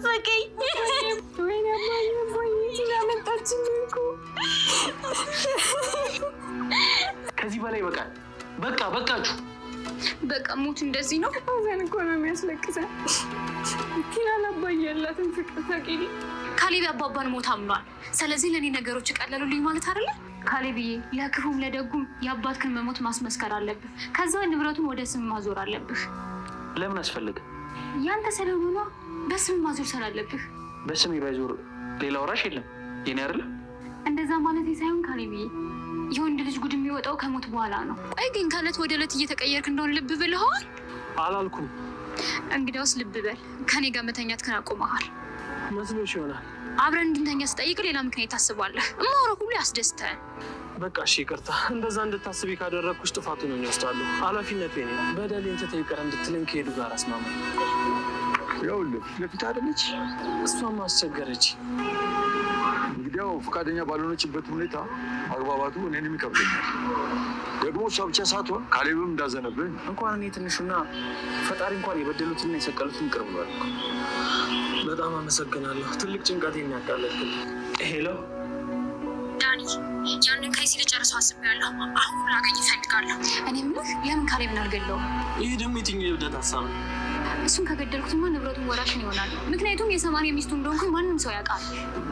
አዘገኝ ከዚህ በላይ በቃ በቃ በቃችሁ። በቃ ሞት እንደዚህ ነው። ሀዘን እኮ ነው የሚያስለቅሰን። ቲና ያላትን ፍቅር ታውቂ። ካሌብ አባባን ሞት አምኗል። ስለዚህ ለእኔ ነገሮች ቀለሉልኝ ማለት ካሌብዬ፣ ለክፉም ለደጉም የአባትህን መሞት ማስመስከር አለብህ። ከዛ ንብረቱን ወደ ስም ማዞር አለብህ። ለምን ያንተ ሰላም ሆኖ በስም ማዞር ስላለብህ በስም ባይዞር ሌላ ወራሽ የለም የኔ አይደለ? እንደዛ ማለት ሳይሆን ካሌብዬ፣ የወንድ ልጅ ጉድ የሚወጣው ከሞት በኋላ ነው። ቆይ ግን ከእለት ወደ ዕለት እየተቀየርክ እንደሆን ልብ ብለሃል? አላልኩም። እንግዲያውስ ልብ በል፣ ከኔ ጋር መተኛት ክን አቁመሃል። መስሎሽ ይሆናል። አብረን እንድንተኛ ስጠይቅ ሌላ ምክንያት ታስባለህ። እማወራው ሁሉ ያስደስተን። በቃ እሺ፣ ይቅርታ። እንደዛ እንድታስቢ ካደረግኩሽ ጥፋቱ ነው የሚወስዳለሁ። ኃላፊነት ኔ በደሌን ትተይ ይቅር እንድትለኝ ከሄዱ ጋር አስማማኝ። ይኸውልህ፣ ለፊት አይደለች እሷም አስቸገረች። እንግዲያው ፈቃደኛ ባልሆነችበት ሁኔታ አግባባቱ እኔንም ይከብደኛል። ደግሞ እሷ ብቻ ሳትሆን ካሌብም እንዳዘነብኝ እንኳን እኔ ትንሹና ፈጣሪ እንኳን የበደሉትና የሰቀሉትን ይቅር ብሏል። በጣም አመሰግናለሁ። ትልቅ ጭንቀት የሚያቃለልክል። ሄሎ ዳኒ፣ ያንን ከይሲ ልጨርሰው አስቤያለሁ። አሁን ላገኝ እፈልጋለሁ። እኔ ምልህ ለምን ካሌብን አልገለውም? ይህ ደግሞ የትኛው የብደት ሀሳብ ነው? እሱን ከገደልኩትማ ንብረቱን ወራሽን ይሆናል። ምክንያቱም የሰማንያ ሚስቱ እንደሆንኩ ማንም ሰው ያውቃል።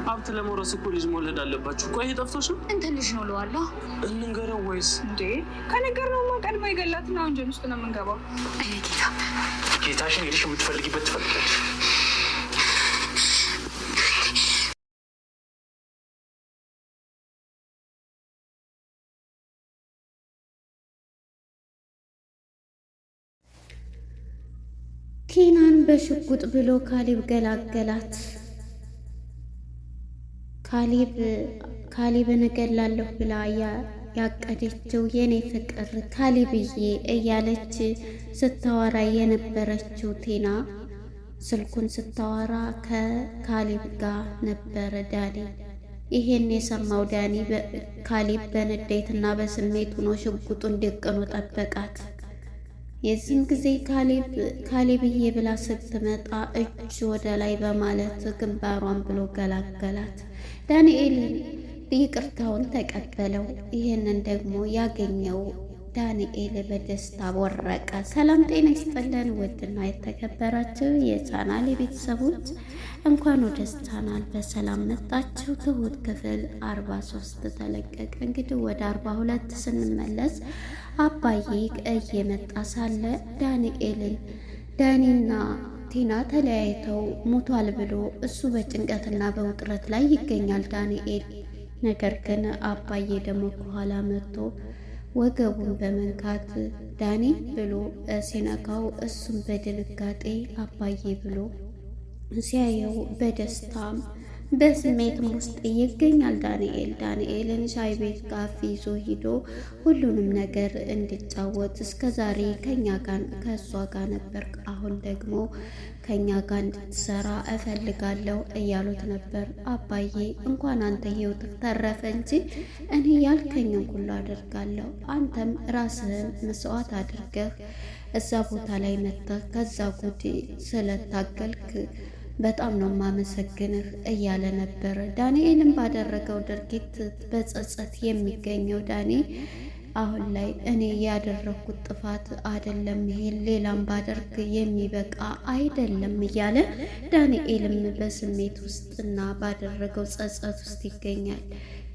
ሀብት ለመውረስ እኮ ልጅ መውለድ አለባችሁ። ቆይ ጠፍቶሽ እንትን ልጅ ነው ለዋለ እንንገረው ወይስ እንዴ? ከነገርነውማ ቀድሞ የገላትና ወንጀል ውስጥ ነው የምንገባው። ጌታ ጌታሽን ሄደሽ የምትፈልጊበት ትፈልጋለሽ ቲናን በሽጉጥ ብሎ ካሌብ ገላገላት። ካሌብ ካሌብን እገላለሁ ብላ ያቀደችው የኔ ፍቅር ካሌብዬ እያለች ስታወራ የነበረችው ቲና ስልኩን ስታወራ ከካሌብ ጋር ነበረ ዳኒ። ይሄን የሰማው ዳኒ ካሌብ በንዴትና በስሜት ሆኖ ሽጉጡን ደቅኖ ጠበቃት። የዚህም ጊዜ ካሌብዬ ብላ ስትመጣ እጅ ወደ ላይ በማለት ግንባሯን ብሎ ገላገላት። ዳንኤል ይቅርታውን ተቀበለው። ይህንን ደግሞ ያገኘው ዳንኤል በደስታ ወረቀ። ሰላም ጤና ይስጥልን ውድና የተከበራችሁ የቻናል ቤተሰቦች እንኳን ወደ ቻናል በሰላም መጣችሁ። ትሁት ክፍል አርባ ሶስት ተለቀቀ። እንግዲህ ወደ አርባ ሁለት ስንመለስ አባዬ እየመጣ ሳለ ዳንኤልን ዳኒና ቲና ተለያይተው ሞቷል ብሎ እሱ በጭንቀትና በውጥረት ላይ ይገኛል ዳንኤል። ነገር ግን አባዬ ደግሞ ከኋላ መጥቶ ወገቡን በመንካት ዳኒ ብሎ ሲነካው እሱም በድንጋጤ አባዬ ብሎ ሲያየው በደስታም በስሜትም ውስጥ ይገኛል። ዳንኤል ዳንኤልን ሻይ ቤት ጋፍ ይዞ ሂዶ ሁሉንም ነገር እንዲጫወት እስከ ዛሬ ከኛ ጋር ከእሷ ጋር ነበር፣ አሁን ደግሞ ከኛ ጋር እንድትሰራ እፈልጋለሁ እያሉት ነበር። አባዬ እንኳን አንተ ህይወት ተረፈ እንጂ እኔ ያልከኝን ሁሉ አደርጋለሁ። አንተም ራስህን መስዋዕት አድርገህ እዛ ቦታ ላይ መጥተህ ከዛ ጉድ ስለታገልክ በጣም ነው ማመሰግንህ እያለ ነበረ። ዳንኤልም ባደረገው ድርጊት በጸጸት የሚገኘው ዳኒ አሁን ላይ እኔ ያደረግኩት ጥፋት አይደለም፣ ይሄን ሌላም ባደርግ የሚበቃ አይደለም እያለ ዳንኤልም በስሜት ውስጥና ባደረገው ጸጸት ውስጥ ይገኛል።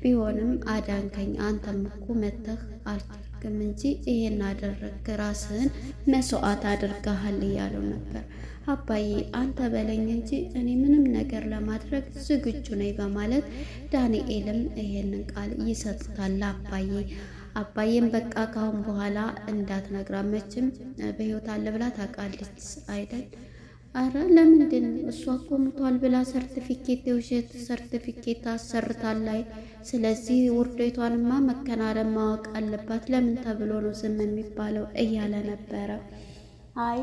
ቢሆንም አዳንከኝ፣ አንተም እኮ መተህ አታውቅም እንጂ ይሄን አደረግክ፣ ራስህን መስዋዕት አድርገሃል እያለው ነበር። አባዬ አንተ በለኝ እንጂ እኔ ምንም ነገር ለማድረግ ዝግጁ ነኝ በማለት ዳንኤልም ይሄንን ቃል ይሰጡታል አባዬ አባዬም በቃ ካሁን በኋላ እንዳትነግራ መችም በህይወት አለ ብላ ታውቃለች አይደል አረ ለምንድን እሷ እኮ ሙቷል ብላ ሰርቲፊኬት የውሸት ሰርቲፊኬት አሰርታላይ። ስለዚህ ውርደቷንማ መከናረን ማወቅ አለባት። ለምን ተብሎ ነው ዝም የሚባለው እያለ ነበረ አይ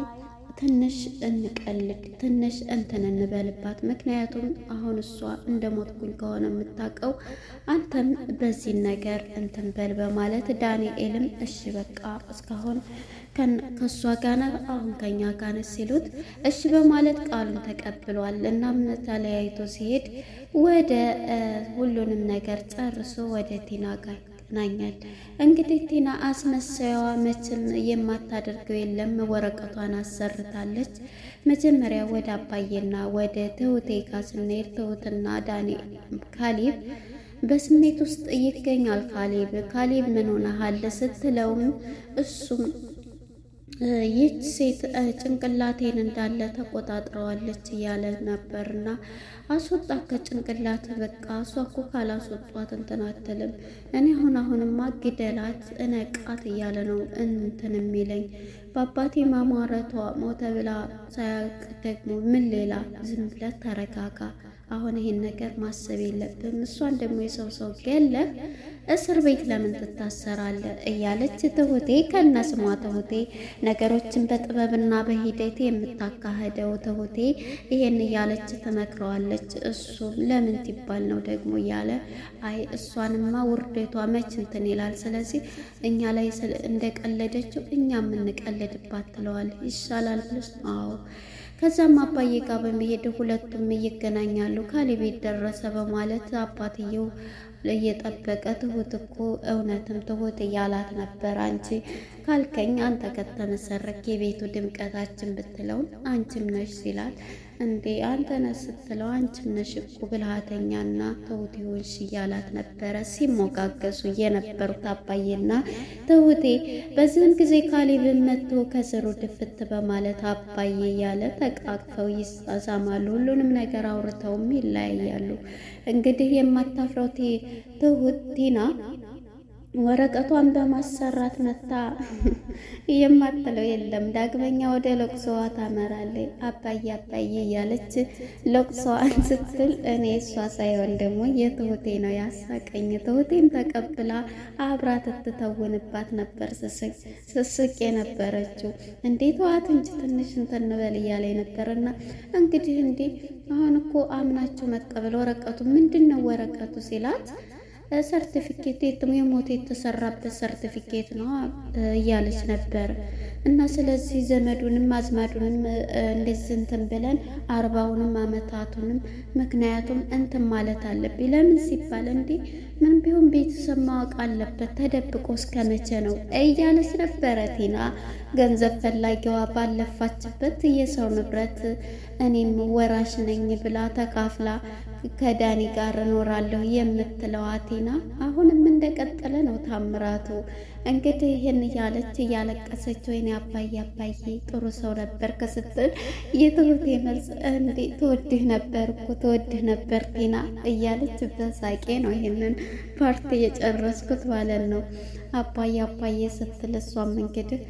ትንሽ እንቀልድ፣ ትንሽ እንትን እንበልባት። ምክንያቱም አሁን እሷ እንደ ሞትኩኝ ከሆነ የምታውቀው አንተም በዚህ ነገር እንትን በል በማለት ዳንኤልም እሺ በቃ እስካሁን ከእሷ ጋነ አሁን ከኛ ጋነ ሲሉት እሺ በማለት ቃሉን ተቀብሏል። እናም ተለያይቶ ሲሄድ ወደ ሁሉንም ነገር ጨርሶ ወደ ቲና ጋር ናኛል። እንግዲህ ቲና አስመሳያዋ መቼም የማታደርገው የለም። ወረቀቷን አሰርታለች። መጀመሪያ ወደ አባዬና ወደ ትሁቴ ጋር ስንሄድ ትሁትና ዳንኤል ካሌብ በስሜት ውስጥ ይገኛል። ካሌብ ካሌብ ምን ሆነሃል ስትለውም እሱም ይህች ሴት ጭንቅላቴን እንዳለ ተቆጣጥረዋለች እያለ ነበርና አስወጣ ከጭንቅላት በቃ እሷ እኮ ካላስወጧት እንትን አትልም። እኔ አሁን አሁንማ ግደላት እነቃት እያለ ነው እንትን የሚለኝ በአባቴ ማማረቷ ሞተ ብላ ሳያቅ ደግሞ ምን ሌላ ዝም ብለት ተረጋጋ አሁን ይሄን ነገር ማሰብ የለብም። እሷን ደግሞ የሰው ሰው ገለ እስር ቤት ለምን ትታሰራለ? እያለች ትሁቴ ከነ ስሟ ትሁቴ ነገሮችን በጥበብና በሂደት የምታካሄደው ትሁቴ ይሄን እያለች ትመክረዋለች። እሱም ለምን ትባል ነው ደግሞ እያለ አይ እሷንማ ውርደቷ መች እንትን ይላል። ስለዚህ እኛ ላይ እንደቀለደችው እኛ የምንቀልድባት ትለዋል። ይሻላል ብለሽ አዎ ከዛም አባዬ ጋር በመሄድ ሁለቱም ይገናኛሉ። ካሊቤት ደረሰ በማለት አባትየው እየጠበቀ ትሁት እኮ እውነትም ትሁት እያላት ነበር። አንቺ ካልከኝ አንተ ከተመሰረክ የቤቱ ድምቀታችን ብትለውን አንቺም ነሽ ይላል። እንዴ አንተ ነህ ስትለው ነሽ እኮ ብልሃተኛና ትሁት ይሆንሽ እያላት ነበረ ሲሞጋገሱ የነበሩት አባዬና ትሁቴ። በዚህም ጊዜ ካሌብን መጥቶ ከስሩ ድፍት በማለት አባዬ እያለ ተቃቅፈው ይሳሳማሉ። ሁሉንም ነገር አውርተውም ይለያያሉ። እንግዲህ የማታፍረው ትሁት ቲና ወረቀቷን በማሰራት መታ የማትለው የለም። ዳግመኛ ወደ ለቅሶዋ ታመራለች። አባዬ አባዬ እያለች ለቅሶዋን ስትል እኔ እሷ ሳይሆን ደግሞ የትሁቴ ነው ያሳቀኝ። ትሁቴም ተቀብላ አብራ ትተውንባት ነበር። ስስቅ የነበረችው እንዴት ዋት እንጂ ትንሽ እንትን እያለ ነበርና እንግዲህ እንዴ አሁን እኮ አምናችሁ መቀበል ወረቀቱ ምንድን ነው ወረቀቱ ሲላት ሰርቲፊኬት የሞት የተሰራበት ሰርቲፊኬት ነው እያለች ነበር። እና ስለዚህ ዘመዱንም አዝማዱንም እንደዚህ እንትን ብለን አርባውንም አመታቱንም ምክንያቱም እንትን ማለት አለብኝ። ለምን ሲባል እንዴ ምን ቢሆን ቤተሰብ ማወቅ አለበት ተደብቆ እስከ መቼ ነው እያለች ነበረ። ቲና ገንዘብ ፈላጊዋ ባለፋችበት የሰው ንብረት እኔም ወራሽ ነኝ ብላ ተካፍላ ከዳኒ ጋር እኖራለሁ የምትለው አቴና አሁንም እንደቀጠለ ነው ታምራቱ። እንግዲህ ይህን እያለች እያለቀሰች ወይኔ አባዬ አባዬ ጥሩ ሰው ነበር ከስትል የትሁቴ መልስ እንዴ ትወድህ ነበር እኮ ትወድህ ነበር ቴና እያለች በሳቄ ነው ይህንን ፓርቲ የጨረስኩት ማለት ነው። አባዬ አባዬ ስትል እሷም እንግዲህ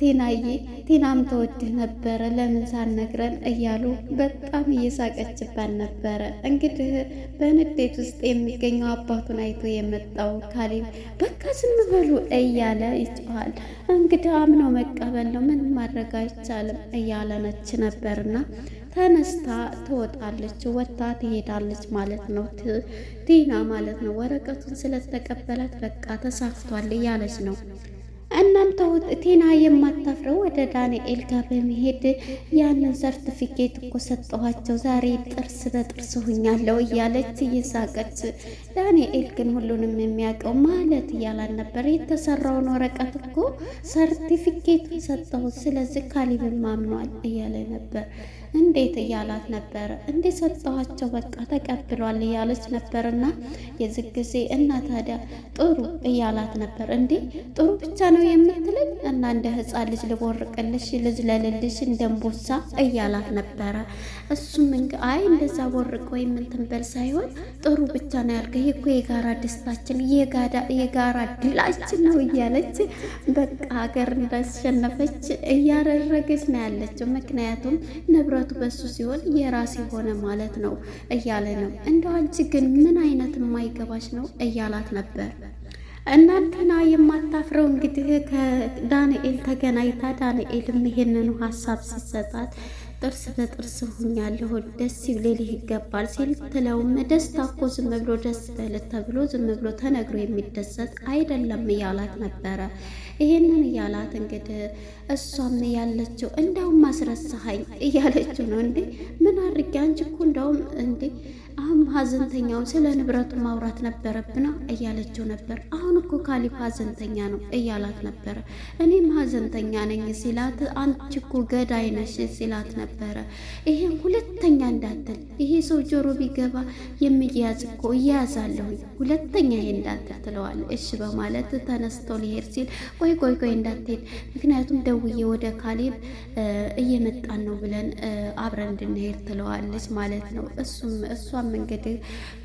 ቴናዬ ቴናም ተወድህ ነበረ ለምን ነግረን እያሉ በጣም እየሳቀችባን ነበረ። እንግዲህ በንዴት ውስጥ የሚገኘው አባቱን አይቶ የመጣው ካሌብ በቃ ዝም በሉ እያለ ይጮኋል። እንግዲህ አምነው መቀበል ነው ምን ማድረግ አይቻልም እያለ ነች ነበርና ተነስታ ትወጣለች፣ ወጥታ ትሄዳለች ማለት ነው። ቲና ማለት ነው ወረቀቱን ስለተቀበላት በቃ ተሳክቷል እያለች ነው እናም ቴና የማታፍረው ወደ ዳንኤል ጋር በመሄድ ያንን ሰርቲፊኬት እኮ ሰጠኋቸው ዛሬ ጥርስ በጥርስ ሁኛለሁ እያለች እየሳቀች፣ ዳንኤል ግን ሁሉንም የሚያውቀው ማለት እያላን ነበር። የተሰራውን ወረቀት እኮ ሰርቲፊኬት ሰጠሁት፣ ስለዚህ ካሊብን ማምኗል እያለ ነበር። እንዴት እያላት ነበር። እንዴት እንደሰጠኋቸው በቃ ተቀብሏል እያለች ነበርና የዚህ ጊዜ እና ታዲያ ጥሩ እያላት ነበር። እንዴ ጥሩ ብቻ ነው የምትለኝ እና እንደ ሕፃን ልጅ ልቦርቅልሽ፣ ልጅ ለልልሽ እንደንቦሳ እያላት ነበረ። እሱም እንግ አይ እንደዛ ቦርቅ ወይም እንትን ሳይሆን ጥሩ ብቻ ነው ያልከ ይኮ የጋራ ደስታችን የጋራ ድላችን ነው እያለች በቃ ሀገር እንዳሸነፈች እያደረገች ነው ያለችው። ምክንያቱም ንብረ ትኩረቱ በሱ ሲሆን የራስ የሆነ ማለት ነው እያለ ነው። እንደ አንቺ ግን ምን አይነት የማይገባሽ ነው እያላት ነበር። እናንተና የማታፍረው እንግዲህ ከዳንኤል ተገናኝታ ዳንኤልም ይሄንኑ ሀሳብ ሲሰጣት ጥርስ በጥርስ ሁኛለሁ ደስ ይብሌልህ ይገባል ሲል ትለውም ደስታ እኮ ዝም ብሎ ደስ በል ተብሎ ዝም ብሎ ተነግሮ የሚደሰት አይደለም እያላት ነበረ። ይሄንን እያላት እንግዲህ እሷም ያለችው እንደውም ማስረሳኸኝ እያለችው ነው። እንዴ ምን አድርጌ አንቺ እኮ እንዴ አሁን ሀዘንተኛውን ስለ ንብረቱ ማውራት ነበረብና እያለችው ነበር። አሁን እኮ ካሊፍ ሀዘንተኛ ነው እያላት ነበረ። እኔም ሀዘንተኛ ነኝ ሲላት፣ አንቺ እኮ ገዳይ ነሽ ሲላት ነበረ። ይሄን ሁለተኛ እንዳትል፣ ይሄ ሰው ጆሮ ቢገባ የሚያዝ እኮ እያያዛለሁኝ፣ ሁለተኛ ይሄ እንዳትል ትለዋል። እሺ በማለት ተነስቶ ሊሄድ ሲል ቆይ ቆይ ቆይ እንዳትሄድ፣ ምክንያቱም ደውዬ ወደ ካሊብ እየመጣን ነው ብለን አብረን እንድንሄድ ትለዋለች ማለት ነው እሱም እሷ እሷም እንግዲህ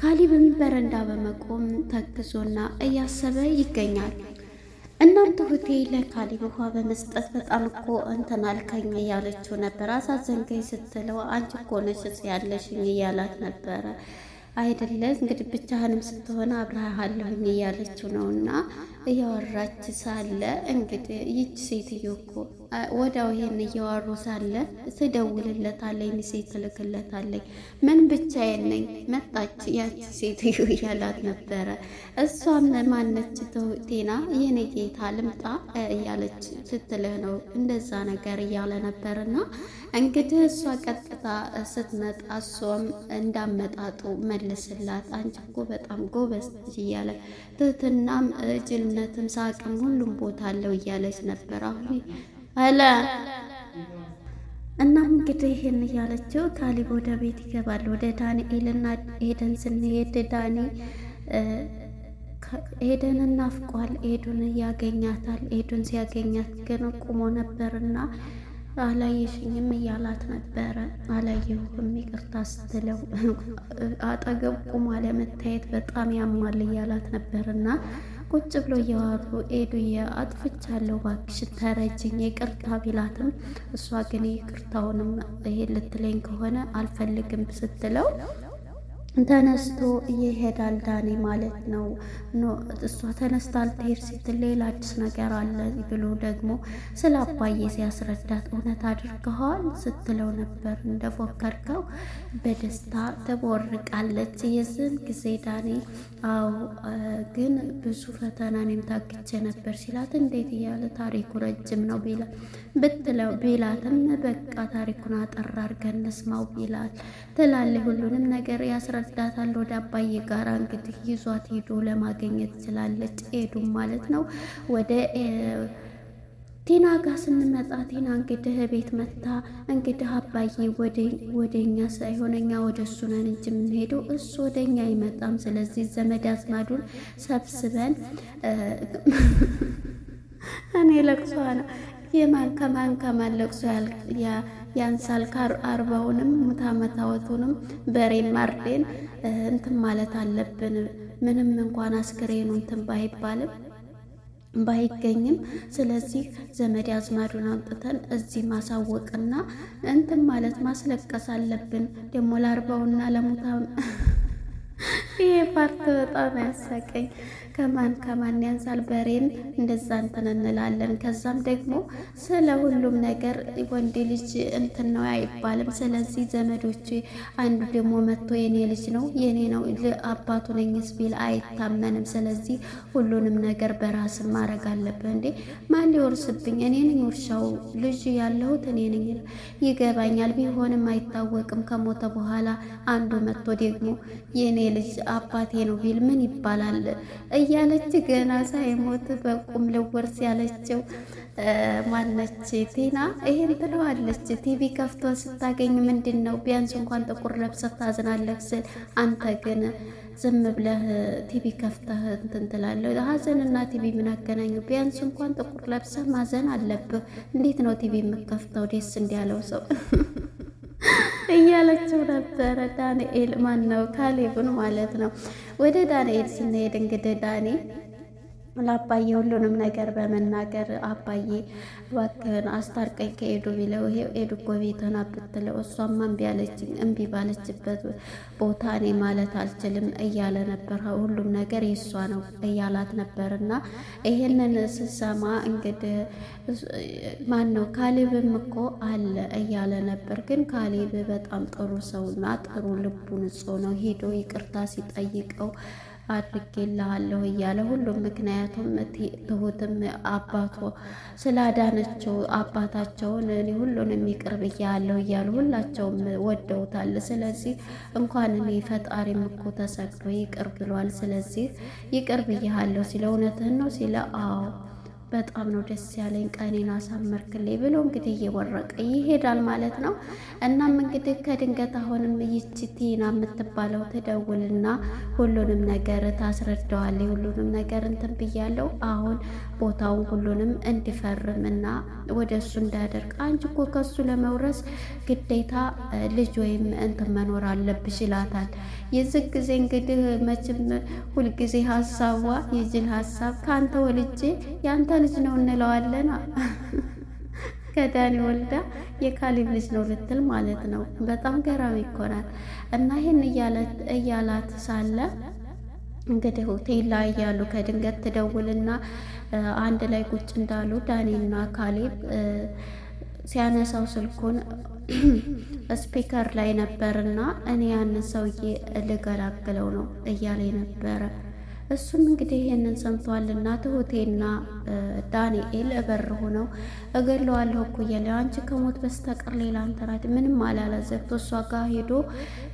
ካሊብም በረንዳ በመቆም ተክዞና እያሰበ ይገኛል። እናንተ ትሁቴ ለካሊብ ውሃ በመስጠት በጣም እኮ እንትን አልከኝ እያለችው ነበር። አሳዘንገኝ ስትለው አንቺ እኮ ነሽ ያለሽኝ እያላት ነበረ አይደለ እንግዲህ ብቻህንም ስትሆን አብረሃለሁኝ እያለችው ነውና እያወራች ሳለ እንግዲህ ይች ሴትዮ እኮ ወዲያው ይሄን እያወሩ ሳለ ትደውልለታለኝ፣ ሚሴ ትልክለታለኝ። ምን ብቻዬን ነኝ መጣች ያቺ ሴትዮ እያላት ነበረ። እሷም ማነች ቴና የኔ ጌታ ልምጣ እያለች ስትልህ ነው እንደዛ ነገር እያለ ነበርና እንግዲህ እሷ ቀጥታ ስትመጣ እሷም እንዳመጣጡ መልስላት። አንቺ እኮ በጣም ጎበዝ ልጅ እያለ ትህትናም፣ ጅልነትም፣ ሳቅም ሁሉም ቦታ አለው እያለች ነበር አሁን አለ። እናም እንግዲህ ይህን እያለችው ካሊብ ወደ ቤት ይገባል። ወደ ዳንኤልና ኤደን ስንሄድ ዳኒ ኤደን እናፍቋል። ኤዱን ያገኛታል። ኤዱን ሲያገኛት ግን ቁሞ ነበርና አላየሽኝም እያላት ነበረ። አላየሁም ይቅርታ ስትለው አጠገብ ቁሞ አለመታየት በጣም ያማል እያላት ነበርና ቁጭ ብሎ እያወሩ ኤዱዬ አጥፍቻለሁ እባክሽን ተረጅኝ ይቅርታ ቢላትም እሷ ግን ይቅርታውንም ይሄ ልትለኝ ከሆነ አልፈልግም ስትለው ተነስቶ ይሄዳል ዳኒ ማለት ነው። እሷ ተነስታ ልትሄድ ስትል ሌላ አዲስ ነገር አለ ብሎ ደግሞ ስለ አባዬ ሲያስረዳት እውነት አድርገዋል ስትለው ነበር እንደፎከርከው በደስታ ተቦርቃለች። የዝን ጊዜ ዳኒ አዎ፣ ግን ብዙ ፈተና እኔም ታግቼ ነበር ሲላት እንዴት እያለ ታሪኩ ረጅም ነው ቢላ ብትለው ቢላትም በቃ ታሪኩን አጠራ አድርገን እንስማው ቢላት ትላለች ሁሉንም ነገር ያስረ ያሳድዳታል። ወደ አባዬ ጋራ እንግዲህ ይዟት ሄዶ ለማገኘት ትችላለች። ኤዱም ማለት ነው ወደ ቲና ጋር ስንመጣ ቲና እንግዲህ ቤት መታ እንግዲህ አባዬ ወደ እኛ ሳይሆን እኛ ወደ እሱ ነን እንጂ የምንሄደው እሱ ወደ እኛ አይመጣም። ስለዚህ ዘመድ አዝማዱን ሰብስበን እኔ ለቅሷ ነው የማን ከማን ከማን ለቅሶ ያ ያንሳል አርባውንም ሙት በሬ ማርዴን እንትን ማለት አለብን። ምንም እንኳን አስክሬኑ እንትን ባይባልም ባይገኝም ስለዚህ ዘመድ አዝማዱን አምጥተን እዚህ ማሳወቅና እንትን ማለት ማስለቀስ አለብን። ደግሞ ለአርባውና ለሙታ ይሄ ፓርት በጣም ያሳቀኝ ከማን ከማን ያንሳል በሬን እንደዛ እንትን እንላለን። ከዛም ደግሞ ስለ ሁሉም ነገር ወንድ ልጅ እንትን ነው አይባልም። ስለዚህ ዘመዶች አንዱ ደግሞ መጥቶ የኔ ልጅ ነው የኔ ነው አባቱ ነኝስ ቢል አይታመንም። ስለዚህ ሁሉንም ነገር በራስ ማድረግ አለብህ። እንዴ ማን ሊወርስብኝ? እኔ ነኝ ውርሻው ልጅ ያለሁት እኔ ነኝ። ይገባኛል፣ ቢሆንም አይታወቅም። ከሞተ በኋላ አንዱ መጥቶ ደግሞ የኔ ልጅ አባቴ ነው ቢል ምን ይባላል? እያለች ገና ሳይሞት በቁም ልወርስ ያለችው ማነች? ቲና ይሄን ትለዋለች። ቲቪ ከፍቶ ስታገኝ ምንድን ነው ቢያንስ እንኳን ጥቁር ለብሰህ ታዝናለህ ስል አንተ ግን ዝም ብለህ ቲቪ ከፍተህ እንትን ትላለህ። ሀዘንና ቲቪ ምን አገናኙ? ቢያንስ እንኳን ጥቁር ለብሰህ ማዘን አለብህ። እንዴት ነው ቲቪ የምከፍተው? ደስ እንዲያለው ሰው እያለችው ነበረ። ዳንኤል ማን ነው ካሌብን ማለት ነው። ወደ ዳንኤል ስንሄድ እንግዲህ ዳኒ ለአባዬ ሁሉንም ነገር በመናገር አባዬ እባክህን አስታርቀኝ ከኤዱ ቢለው ኤዱ እኮ ቤትህን እሷም እምቢ አለችኝ። እምቢ ባለችበት ቦታ እኔ ማለት አልችልም እያለ ነበር። ሁሉም ነገር የእሷ ነው እያላት ነበር። እና ይሄንን ስሰማ እንግዲህ ማን ነው ካሌብም እኮ አለ እያለ ነበር። ግን ካሌብ በጣም ጥሩ ሰውና ጥሩ ልቡ ንጹሕ ነው። ሄዶ ይቅርታ ሲጠይቀው አድርጌልሃለሁ እያለ ሁሉም ምክንያቱም ትሁትም አባቶ ስላዳነችው አባታቸውን እኔ ሁሉንም ይቅር ብያለሁ እያሉ ሁላቸውም ወደውታል። ስለዚህ እንኳን እኔ ፈጣሪም እኮ ተሰግዶ ይቅር ብሏል። ስለዚህ ይቅር ብያለሁ ሲለ እውነትህን ነው ሲለ አዎ በጣም ነው ደስ ያለኝ፣ ቀኔን አሳመርክልኝ ብሎ እንግዲህ እየወረቀ ይሄዳል ማለት ነው። እናም እንግዲህ ከድንገት አሁንም ይቺ ቲና የምትባለው ትደውልና ሁሉንም ነገር ታስረዳዋል። ሁሉንም ነገር እንትን ብያለው አሁን ቦታውን ሁሉንም እንዲፈርም እና ወደ እሱ እንዳያደርግ፣ አንቺ እኮ ከሱ ለመውረስ ግዴታ ልጅ ወይም እንትን መኖር አለብሽ ይላታል። የዚህ ጊዜ እንግዲህ መቼም ሁልጊዜ ሀሳቧ የጅል ሀሳብ ከአንተ ወልጄ ያንተ ልጅ ነው እንለዋለን። ከዳኒ ወልዳ የካሊብ ልጅ ነው ልትል ማለት ነው። በጣም ገራሚ እኮ ናት። እና ይህን እያላት ሳለ እንግዲህ ሆቴል ላይ እያሉ ከድንገት ትደውልና አንድ ላይ ቁጭ እንዳሉ ዳኒና ካሌብ ሲያነሳው ስልኩን ስፒከር ላይ ነበርና እኔ ያንን ሰውዬ ልገላግለው ነው እያለ ነበረ። እሱም እንግዲህ ይህንን እና ትሁቴና ዳንኤል እበር ሆነው እገለዋለሁ እኮ እያለ አንቺ ከሞት በስተቀር ሌላ አንተራት ምንም አላላዘብቶ እሷ ጋር ሄዶ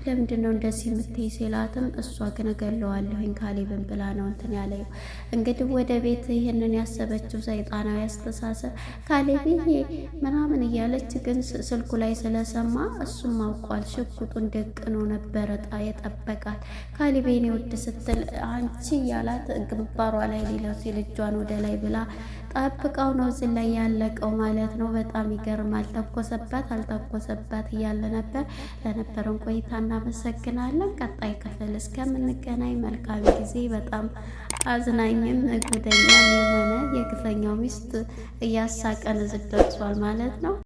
ለምንድን ነው እንደዚህ የምትይ ሲላትም እሷ ግን እገለዋለሁኝ ካሌብን ብላ ነው እንትን ያለው። እንግዲህ ወደ ቤት ይህንን ያሰበችው ሰይጣናዊ አስተሳሰብ ካሌብ ይሄ ምናምን እያለች ግን ስልኩ ላይ ስለሰማ እሱም አውቋል። ሽጉጡን ደቅኖ ነበረ የጠበቃት ካሌቤን ውድ ስትል አንቺ እያላት ግንባሯ ላይ ሲል እጇን ወደ ላይ ብላ ጠብቀው ነው እዚህ ላይ ያለቀው ማለት ነው። በጣም ይገርማል። ተኮሰባት አልተኮሰባት እያለ ነበር። ለነበረን ቆይታ እናመሰግናለን። ቀጣይ ክፍል እስከምንገናኝ መልካም ጊዜ። በጣም አዝናኝም ጉደኛም የሆነ የግፈኛው ሚስት እያሳቀን ዝደርሷል ማለት ነው።